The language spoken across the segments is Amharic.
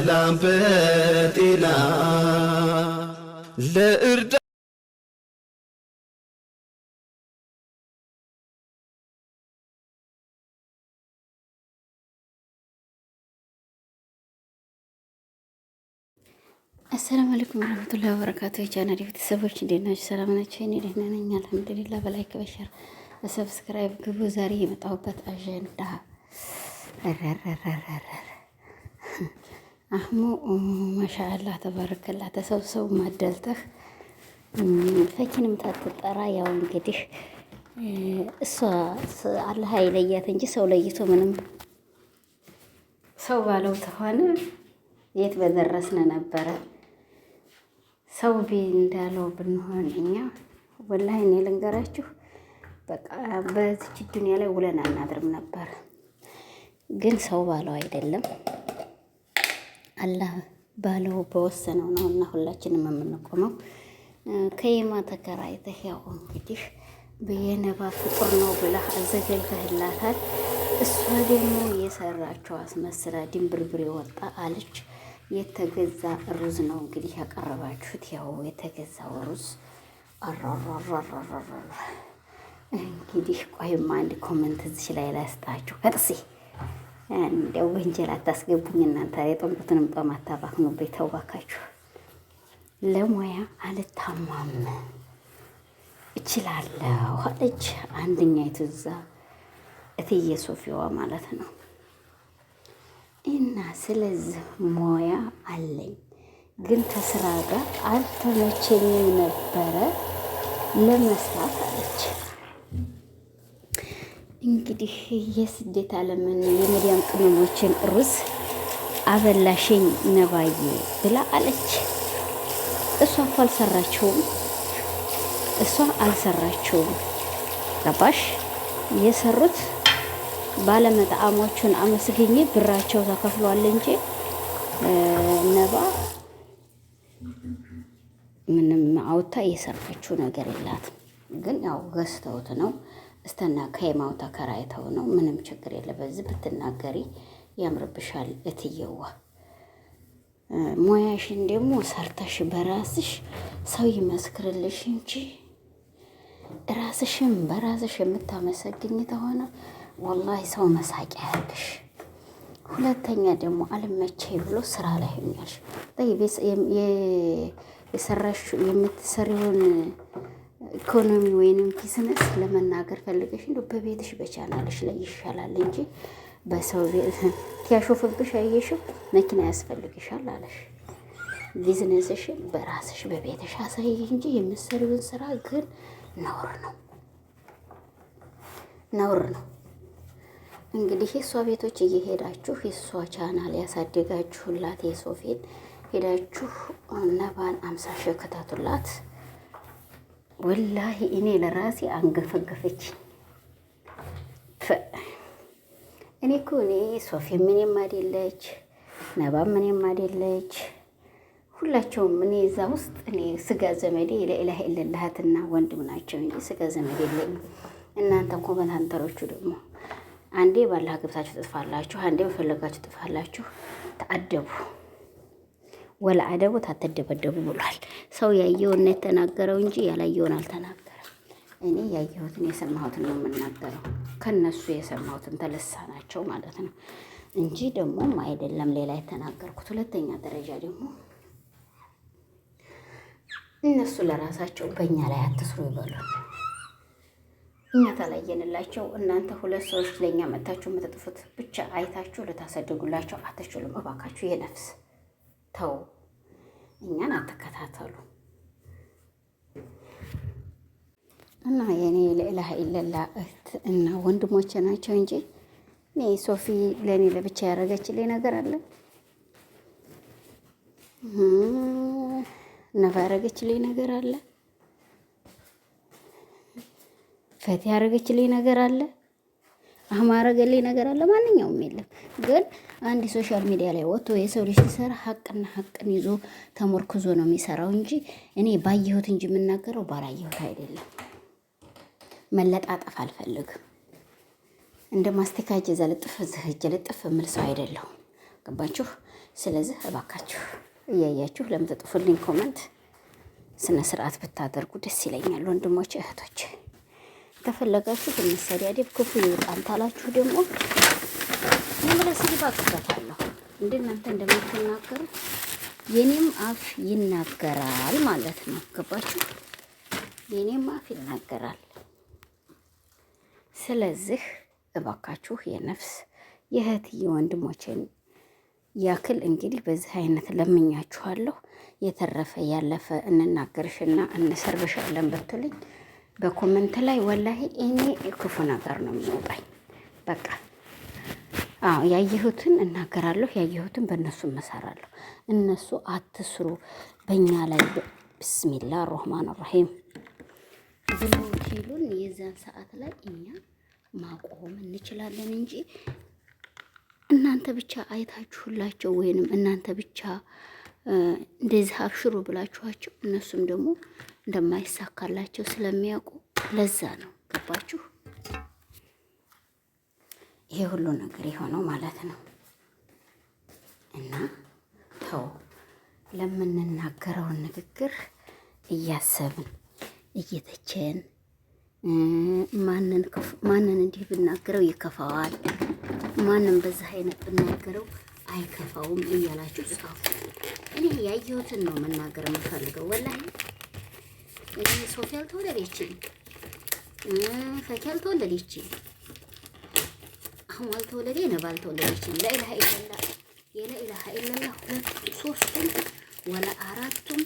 በሰላም በጤና ለእርዳ አሰላሙ አለይኩም ወራህመቱላሂ ወበረካቱ። የቻናል ቤተሰቦች እንዴት ናችሁ? ሰላም ናችሁ? እኔ ደህና ነኝ አልሐምዱሊላህ። በላይክ በሸር በሰብስክራይብ ግቡ። ዛሬ የመጣሁበት አጀንዳ አህሙ ማሻአላህ ተባረከላ ተሰብሰቡ ማደልተህ ፈኪንም ታትጠራ። ያው እንግዲህ እሷ አላህ አይለያት እንጂ ሰው ለይቶ ምንም ሰው ባለው ተሆነ የት በደረስን ነበረ። ሰው ቢ እንዳለው ብንሆን እኛ ወላሂ እኔ ልንገራችሁ በቃ በዚች ዱንያ ላይ ውለን አናድርም ነበር። ግን ሰው ባለው አይደለም። አላህ ባለው በወሰነው ነው እና ሁላችንም የምንቆመው። ከየማ ተከራይተህ ያው እንግዲህ በየነባ ፍጡር ነው ብለህ አዘጋጅተህላታል። እሷ ደግሞ የሰራቸው አስመስላ ድንብርብር ወጣ አለች። የተገዛ ሩዝ ነው እንግዲህ ያቀረባችሁት። ያው የተገዛው ሩዝ እንግዲህ ቆይማ አንድ ኮመንት እዚህ ላይ ላስጣችሁ እጥሴ እንደው ወንጀል አታስገቡኝ እናንተ። የጦምኩትንም ጦም አታባክኑብኝ። ተው ባካችሁ። ለሙያ አልታማም እችላለሁ አለች አንደኛ የትዛ እትዬ ሶፊዋ ማለት ነው። እና ስለዚህ ሙያ አለኝ፣ ግን ከስራ ጋር አልተመቸኝም ነበረ ለመስራት አለች። እንግዲህ የስደት ዓለምን የሚዲያም ቅመሞችን ሩዝ አበላሸኝ ነባዬ ብላ አለች። እሷ እኮ አልሰራችውም፣ እሷ አልሰራችውም። ገባሽ? የሰሩት ባለመጣዕሞቹን አመስግኝ ብራቸው ተከፍሏል እንጂ ነባ ምንም አውታ የሰራችው ነገር የላትም። ግን ያው ገዝተውት ነው እስተና ከየማው ተከራይተው ነው። ምንም ችግር የለ። በዚህ ብትናገሪ ያምርብሻል እትየዋ። ሙያሽን ደግሞ ሰርተሽ በራስሽ ሰው ይመስክርልሽ እንጂ ራስሽን በራስሽ የምታመሰግኝ ተሆነ ወላሂ ሰው መሳቂያ ያርግሽ። ሁለተኛ ደግሞ አልመቼ ብሎ ስራ ላይ ሆኛልሽ የሰራሽ የምትሰሪውን ኢኮኖሚ ወይንም ቢዝነስ ለመናገር ፈልገሽ እንደ በቤትሽ በቻናልሽ ላይ ይሻላል እንጂ በሰው ቤት ያሾፍብሽ አየሽው መኪና ያስፈልግሻል አለሽ። ቢዝነስሽ በራስሽ በቤትሽ አሳይ እንጂ የምትሰሪውን ስራ ግን ነውር ነው፣ ነውር ነው። እንግዲህ የእሷ ቤቶች እየሄዳችሁ የእሷ ቻናል ያሳደጋችሁላት የሶፌን ሄዳችሁ ነባን አምሳሽ ከታቱላት። ወላሂ እኔ ለራሴ አንገፈገፈች። እኔ እኮ እኔ ሶፊ ምንም አይደለች፣ ነባ ምንም አይደለች። ሁላቸውም እኔ እዛ ውስጥ እኔ ስጋ ዘመዴ ለኢላህ ኢለላህትና ወንድም ናቸው እንጂ ስጋ ዘመድ የለኝም። እናንተም ኮመንታንተሮቹ ደግሞ አንዴ ባላህ ገብታችሁ ጥፋላችሁ፣ አንዴ በፈለጋችሁ ጥፋላችሁ። ተአደቡ ወለአደቦት አትደበደቡ ብሏል። ሰው ያየውና የተናገረው እንጂ ያላየውን አልተናገረም። እኔ ያየሁትን የሰማሁትን ነው የምናገረው፣ ከነሱ የሰማሁትን ተለሳናቸው ማለት ነው እንጂ ደግሞም አይደለም ሌላ የተናገርኩት። ሁለተኛ ደረጃ ደግሞ እነሱ ለራሳቸው በእኛ ላይ አትስሩ ይበሉ። እኛ ተለየንላቸው። እናንተ ሁለት ሰዎች ለእኛ መጥታችሁ የምትጥፉት ብቻ አይታችሁ ልታሰድጉላቸው አትችሉም። እባካችሁ የነፍስ ተው፣ እኛን አትከታተሉ እና የኔ ለኢላሀ ኢለላ እህት እና ወንድሞቼ ናቸው እንጂ እኔ ሶፊ ለእኔ ለብቻ ያደረገችልኝ ነገር አለ ነባ ያደረገችልኝ ነገር አለ ፈት ያደረገችልኝ ነገር አለ አህማ ያደረገልኝ ነገር አለ ማንኛውም የለም ግን አንድ ሶሻል ሚዲያ ላይ ወጥቶ የሰው ልጅ ሲሰራ ሀቅና ሀቅን ይዞ ተሞርክዞ ነው የሚሰራው እንጂ እኔ ባየሁት እንጂ የምናገረው ባላየሁት አይደለም። መለጣጠፍ አልፈልግም። እንደ ማስቲካ እጀዛ ልጥፍ እዚህ ልጥፍ ምል ሰው አይደለሁም። ገባችሁ? ስለዚህ እባካችሁ እያያችሁ ለምትጥፉልኝ ኮመንት ስነ ስርዓት ብታደርጉ ደስ ይለኛል። ወንድሞች እህቶች፣ ተፈለጋችሁ ብንሰዳደብ ክፉ ይውጣን ታላችሁ ደግሞ የምለስ ይባክበታለሁ እንደ እናንተ እንደምትናገሩት የኔም አፍ ይናገራል ማለት ነው። ገባችሁ? የኔም አፍ ይናገራል። ስለዚህ እባካችሁ የነፍስ የእህትዬ ወንድሞቼን ያክል እንግዲህ በዚህ አይነት ለምኛችኋለሁ። የተረፈ ያለፈ እንናገርሽና እንሰርብሻለን ብትልኝ በኮመንት ላይ ወላሂ እኔ ክፉ ነገር ነው የሚወጣኝ። በቃ ያየሁትን እናገራለሁ፣ ያየሁትን በእነሱ እመሰራለሁ። እነሱ አትስሩ በእኛ ላይ ብስሚላ ሮህማን ራሂም ብለው ሲሉን የዛን ሰዓት ላይ እኛ ማቆም እንችላለን እንጂ እናንተ ብቻ አይታችሁላቸው ወይንም እናንተ ብቻ እንደዚህ አብሽሩ ብላችኋቸው እነሱም ደግሞ እንደማይሳካላቸው ስለሚያውቁ ለዛ ነው ገባችሁ። ይሄ ሁሉ ነገር የሆነው ማለት ነው። እና ተው ለምንናገረውን ንግግር እያሰብን እየተቸን ማንን እንዲህ ብናገረው ይከፋዋል፣ ማንን በዛ አይነት ብናገረው አይከፋውም እያላችሁ ጻፉ። እኔ ያየሁትን ነው መናገር የምፈልገው። ወላሂ እኔ ሶፊ አልተወለደችም፣ ፈኪ አልተወለደችም። አህሙ አልተወለደ ነው ባልተወለደችም ለኢላሀ ኢለላ የለኢላሀ ኢለላ ሁለቱም ሶስቱም ወላ አራቱም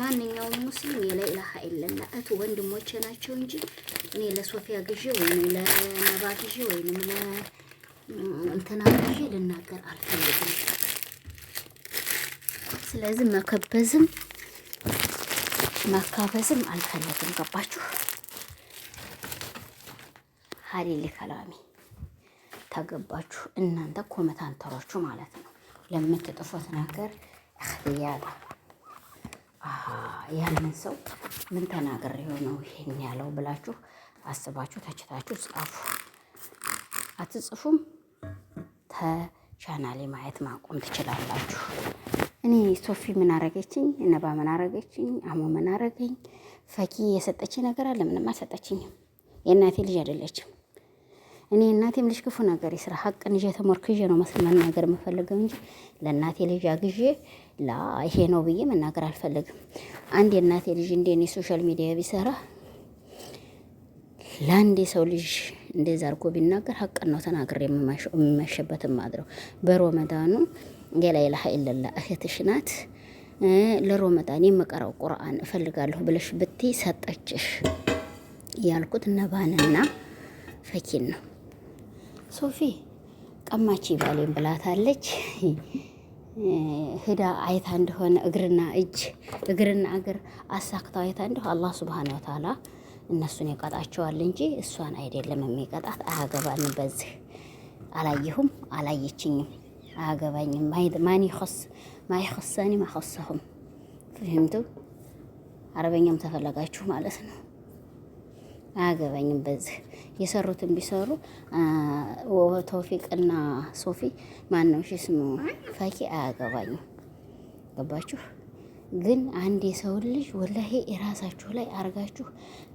ማንኛውም ሙስሊም የለኢላሀ ኢለላ እህት ወንድሞቼ ናቸው እንጂ እኔ ለሶፊያ ግዢ ወይም ለነባ ግዢ ወይም ለእንትና ግዢ ልናገር አልፈልግም። ስለዚህ መከበዝም መካበዝም አልፈለግም። ገባችሁ? ሀሊል ከላሚ ታገባችሁ እናንተ ኮመታንተሮቹ ማለት ነው ለምትጥፉት ነገር እክትያላ ያንን ሰው ምን ተናገር የሆነው ይሄን ያለው ብላችሁ አስባችሁ ተችታችሁ ጻፉ። አትጽፉም ተቻናሌ ማየት ማቆም ትችላላችሁ። እኔ ሶፊ ምን አረገችኝ፣ ነባ ምን አረገችኝ፣ አሞ ምን አረገኝ፣ ፈኪ የሰጠችኝ ነገር አለ? ምንም አልሰጠችኝም። የእናቴ ልጅ አይደለችም። እኔ እናቴም ልጅ ክፉ ነገር ይስራ ሀቅን ይዤ ተሞርክዤ ነው መናገር የምፈልገው እንጂ ለእናቴ ልጅ አግዤ ላ ይሄ ነው ብዬ መናገር አልፈልግም። አንድ የእናቴ ልጅ እንደ ሶሻል ሚዲያ ቢሰራ ለአንድ የሰው ልጅ እንደዛ አርጎ ቢናገር ሀቅን ነው ተናግር የምመሸበት ማድረው በሮመዳኑ የላይላ ሀይልላ እህትሽ ናት ለሮመዳን የምቀረው ቁርአን እፈልጋለሁ ብለሽ ብቴ ሰጠችሽ ያልኩት ነባንና ፈኪን ነው። ሶፊ ቀማች ባሌን ብላታለች። ህዳ አይታ እንደሆነ እግርና እጅ እግርና እግር አሳክታ አይታ እንደሆነ አላህ ሱብሃነሁ ወተዓላ እነሱን ይቀጣቸዋል እንጂ እሷን አይደለም የሚቀጣት። አያገባንም። በዚህ አላየሁም፣ አላየችኝም፣ አያገባኝም። ማን ይኸስ ማይኸሰኒ ማኸሰሁም ፍህምቱ አረበኛም ተፈለጋችሁ ማለት ነው። አያገባኝም። በዚህ የሰሩትን ቢሰሩ ቶፊቅ እና ሶፊ ማነው ሺ ስሙ ፈኪ አያገባኝም። ገባችሁ? ግን አንድ የሰው ልጅ ወላሄ የራሳችሁ ላይ አርጋችሁ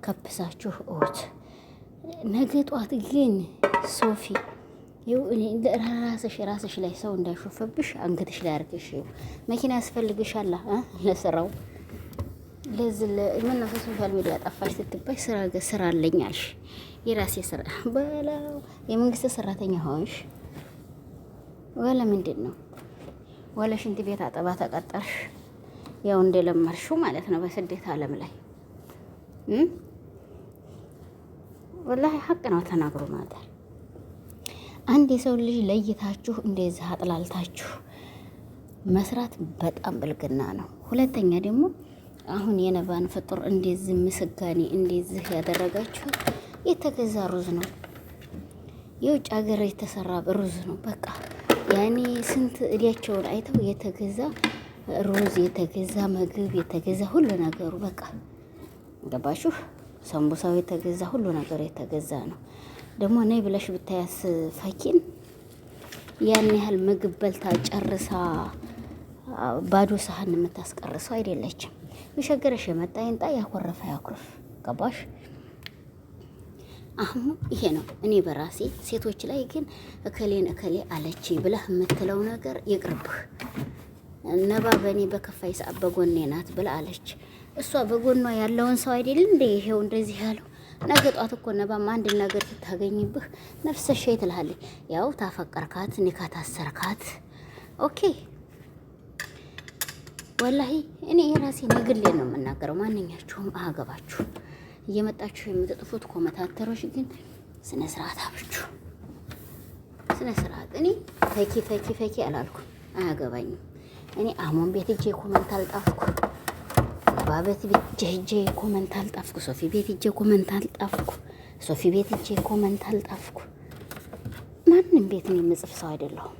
ከብሳችሁ እውት ነገ ጧት ግን ሶፊ ራስሽ ራስሽ ላይ ሰው እንዳይሾፈብሽ አንገትሽ ላይ አርገሽ መኪና ያስፈልግሻላ ለስራው ለዚህ ለምናፈ ሶሻል ሚዲያ ጠፋሽ ስትባይ ስራ ስራ አለኝ አልሽ። የራሴ ስራ በላው የመንግስት ሰራተኛ ሆንሽ ወለ ምንድን ነው ወለ ሽንት ቤት አጠባ ተቀጠርሽ። ያው እንደለመርሽው ማለት ነው በስደት ዓለም ላይ ወላሂ ሀቅ ነው ተናግሮ ማታል። አንድ የሰው ልጅ ለይታችሁ እንደዚህ አጥላልታችሁ መስራት በጣም ብልግና ነው። ሁለተኛ ደግሞ አሁን የነባን ፍጡር እንደዚህ ምስጋኔ እንደዚህ ያደረጋችሁ የተገዛ ሩዝ ነው፣ የውጭ ሀገር የተሰራ ሩዝ ነው። በቃ ያኔ ስንት እዲያቸውን አይተው የተገዛ ሩዝ፣ የተገዛ ምግብ፣ የተገዛ ሁሉ ነገሩ በቃ ገባችሁ። ሰንቡሳው የተገዛ ሁሉ ነገር የተገዛ ነው። ደግሞ ነይ ብለሽ ብታያስ ፈኪን ያን ያህል ምግብ በልታ ጨርሳ ባዶ ሳህን የምታስቀርሰው አይደለችም። የሸገረሽ የመጣ ይንጣ፣ ያኮረፈ ያኩርፍ። ገባሽ? አሁን ይሄ ነው። እኔ በራሴ ሴቶች ላይ ግን እከሌን እከሌ አለች ብለህ የምትለው ነገር ይቅርብህ። ነባ በእኔ በከፋይ ሰዓት በጎኔ ናት ብላ አለች። እሷ በጎኗ ያለውን ሰው አይደል እንደ ይሄው እንደዚህ ያለው ነገ ጧት እኮ ነባም አንድ ነገር ትታገኝብህ ነፍሰሻ ትልሃለች። ያው ታፈቀርካት፣ ኒካ ታሰርካት። ኦኬ ወላሂ እኔ የራሴን የግሌን ነው የምናገረው። ማንኛችሁም አገባችሁ እየመጣችሁ የምትጥፉት ኮመታተሮች ግን ስነ ስርዓት አብችሁ ስነ ስርዓት። እኔ ፈኪ ፈኪ ፈኪ አላልኩም፣ አያገባኝም። እኔ አሞን ቤት እጄ ኮመንት አልጣፍኩ፣ ባበት ቤት እጄ ኮመንት አልጣፍኩ፣ ሶፊ ቤት እጄ ኮመንት አልጣፍኩ፣ ሶፊ ቤት እጄ ኮመንት አልጣፍኩ። ማንም ቤትን የምጽፍ ሰው አይደለሁም።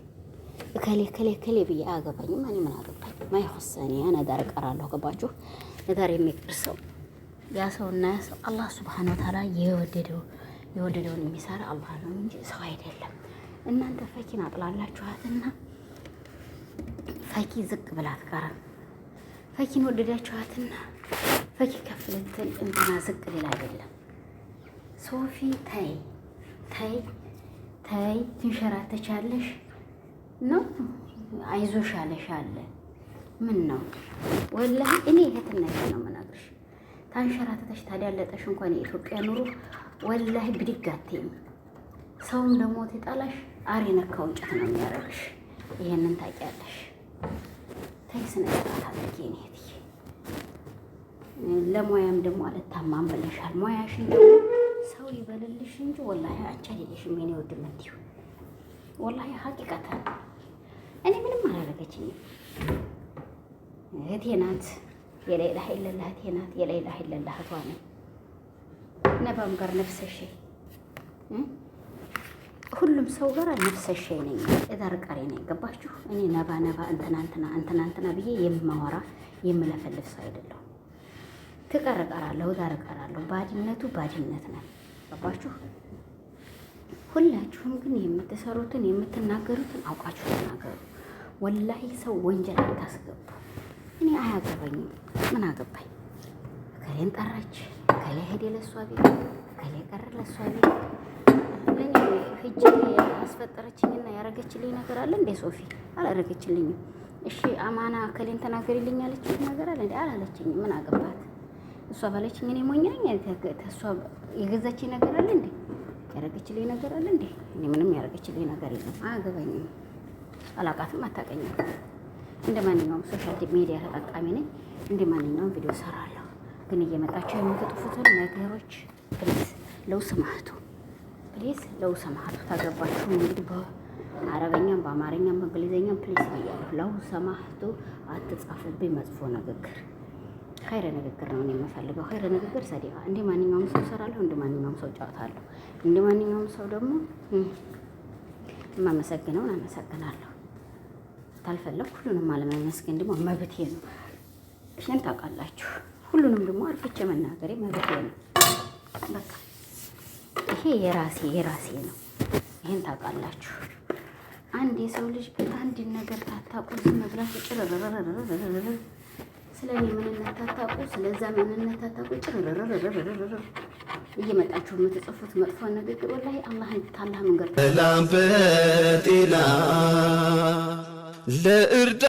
እከሌ እከሌ እከሌ ብዬ አያገባኝም። እኔ ምን አገባኝ? ማይሆሰን ያ ነዳር እቀራለሁ። ገባችሁ? ነዳር የሚቀር ሰው ያ ሰው እና ያ ሰው አላህ ስብሓነ ወተዓላ የወደደው የወደደውን የሚሰራ አላህ ነው እንጂ ሰው አይደለም። እናንተ ፈኪን አጥላላችኋትና ፈኪ ዝቅ ብላ አትቀርም። ፈኪን ወደዳችኋትና ፈኪ ከፍ ልትል እንትና ዝቅ ሌላ አይደለም። ሶፊ ተይ ተይ ተይ ትንሸራተቻለሽ ነው አይዞሽ አለሽ አለ ምን ነው ወላሂ፣ እኔ እህትነት ነው የምነግርሽ። ታንሸራተተሽ ታዳለጠሽ እንኳን የኢትዮጵያ ኑሮ ወላሂ ብድግ አትይም። ሰውም ደግሞ እንጨት ነው የሚያደርግሽ። ይሄንን ታውቂያለሽ። ተይ ስነ ስርዓት አድርጊ እህትዬ። ለሙያም ደግሞ አልታማም ብለሻል። ሙያሽን ደግሞ ሰው ይበልልሽ እንጂ ወላሂ አንቺ አይደለሽም ወላሂ እኔ ምንም አላደረገችኝም። እህቴ ናት። የሌላ ሀይለላ እህቴ ናት። የሌላ ሀይለላ እህቷ ነው። ነባም ጋር ነፍሰሽ ሁሉም ሰው ጋር ነፍሰሽ ነኝ። እዳር ቀሪ ነኝ። ገባችሁ? እኔ ነባ ነባ እንትና እንትና ብዬ የማወራ የምለፈልፍ ሰው አይደለሁም። ትቀር እቀራለሁ፣ እዳር ባድነቱ ባድነት ነው። ገባችሁ? ሁላችሁም ግን የምትሰሩትን የምትናገሩትን አውቃችሁ ተናገሩ። ወላሂ ሰው ወንጀል አታስገቡ። እኔ አያገባኝም። ምን አገባኝ? ከሌን ጠራች፣ ከሌ ሄደ ለሷ ቤት፣ ከሌ ቀረ ለሷ ቤት። እኔ ሂጅ ያስፈጠረችኝና ያረገችልኝ ነገር አለ እንዴ? ሶፊ አላረገችልኝም። እሺ አማና ከሌን ተናገሪልኝ አለችኝ ነገር አለ እንዴ? አላለችኝም። ምን አገባት? እሷ ባለችኝ እኔ ሞኝ ነኝ? እሷ የገዛችኝ ነገር አለ እንዴ? ያረገችልኝ ነገር አለ እንዴ? እኔ ምንም ያረገችልኝ ነገር የለም። አያገባኝም። አላቃትም፣ አታቀኝም እንደ ማንኛውም ሶሻል ሚዲያ ተጠቃሚ ነኝ። እንደ ማንኛውም ቪዲዮ ሰራለሁ። ግን እየመጣቸው የምትጥፉትን ነገሮች ፕሊዝ ለው ስማቱ ፕሊዝ ለው ስማቱ ታገባችሁ እንግዲህ በአረበኛም በአማርኛም በእንግሊዝኛም ፕሊዝ ብያለሁ። ለው ሰማቱ አትጻፉብኝ መጥፎ ንግግር። ኸይረ ንግግር ነው የምፈልገው። ኸይረ ንግግር ሰዲቃ። እንደ ማንኛውም ሰው ሰራለሁ፣ እንደ ማንኛውም ሰው ጫወታለሁ፣ እንደ ማንኛውም ሰው ደግሞ የማመሰግነውን አመሰግናለሁ። ካልፈለኩ ሁሉንም አለመመስገን ደግሞ መብቴ ነው። ይህን ታውቃላችሁ። ሁሉንም ደግሞ አርፍቼ መናገሬ መብቴ ነው። በቃ ይሄ የራሴ የራሴ ነው። ይሄን ታውቃላችሁ። አንድ የሰው ልጅ አንድ ነገር ታታቁ ዝም ብላችሁ ጭርርርርርርር ስለ እኔ ምንነት ታታቁ፣ ስለዛ ምንነት ታታቁ፣ ጭርርርርርርር እየመጣችሁ የምትጽፉት መጥፎ ንግግር ወላሂ አላህን ታላህ መንገድ ለእርዳ